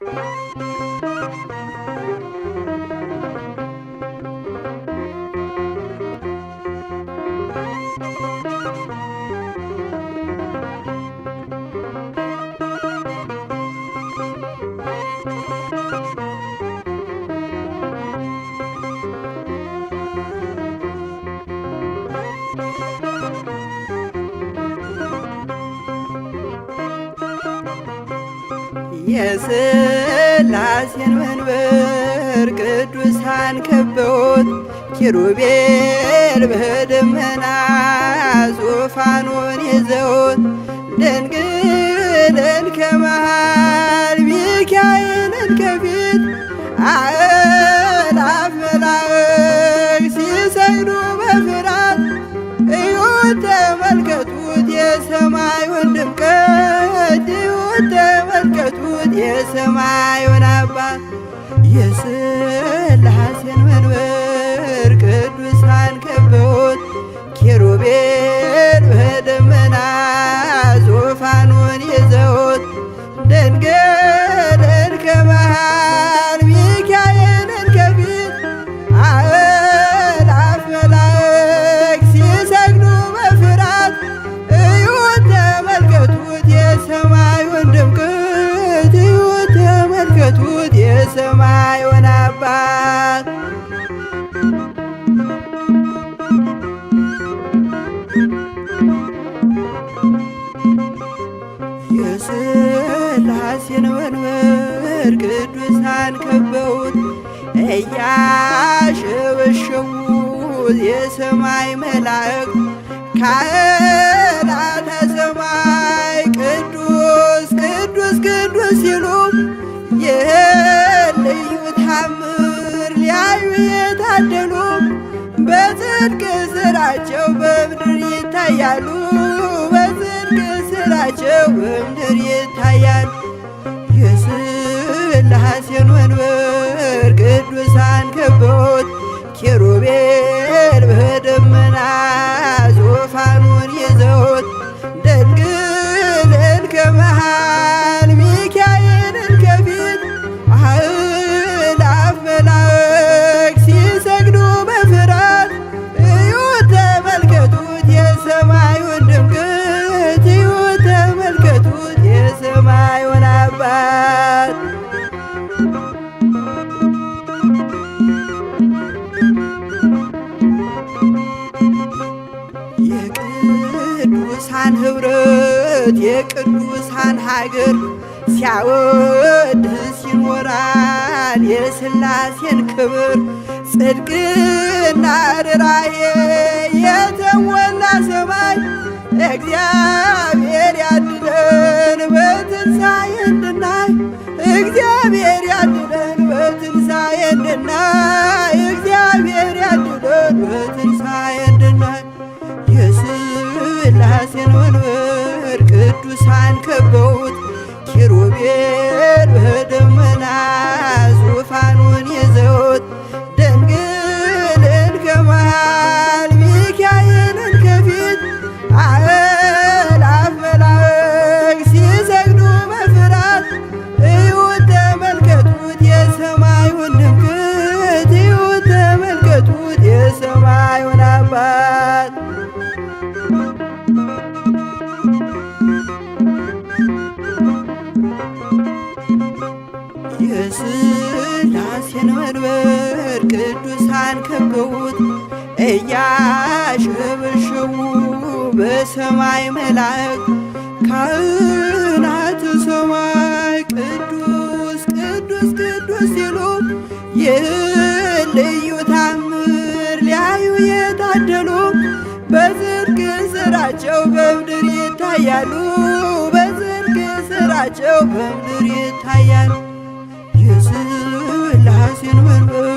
Música የስላሴን መንበር ቅዱሳን ከበውት ኪሩቤል በደመና ዙፋኑን ይዘውት ደንግለን ከመሃል ሚካኤልን ከፊት አእላፍ መላእክት ሲሰግዱ በፍራት እዩተ የሰማዩን አባት የስላሴን መንበር በሰማዩን አባት የሥላሴን መንበር ቅዱሳን ከበውት እያሸበሸቡት የሰማይ መላእክት ካህናተ ሰማይ ቅዱስ ቅዱስ ቅዱስ ሲሉ ልዩ ታምር ሊያዩ የታደሉ በጽድቅ ስራቸው በምድር ይታያሉ። በጽድቅ ስራቸው በምድር ይታያል። የስላሴን መንበር ህብረት የቅዱሳን ሀገር ሲያወድስ ይኖራል የስላሴን ክብር ጽድቅና ርራዬ የተሞላ ሰማይ እግዚአ የሥላሴን መንበር ቅዱሳን ከበውት እያሸበሸቡ በሰማይ መላእክት ካህናተ ሰማይ ቅዱስ ቅዱስ ቅዱስ ሲሉ የልዩ ታምር ሊያዩ የታደሉ በዝርግ ስራቸው በምድር ይታያሉ። መታጨው በምድር ይታያል የስላሴን መንበር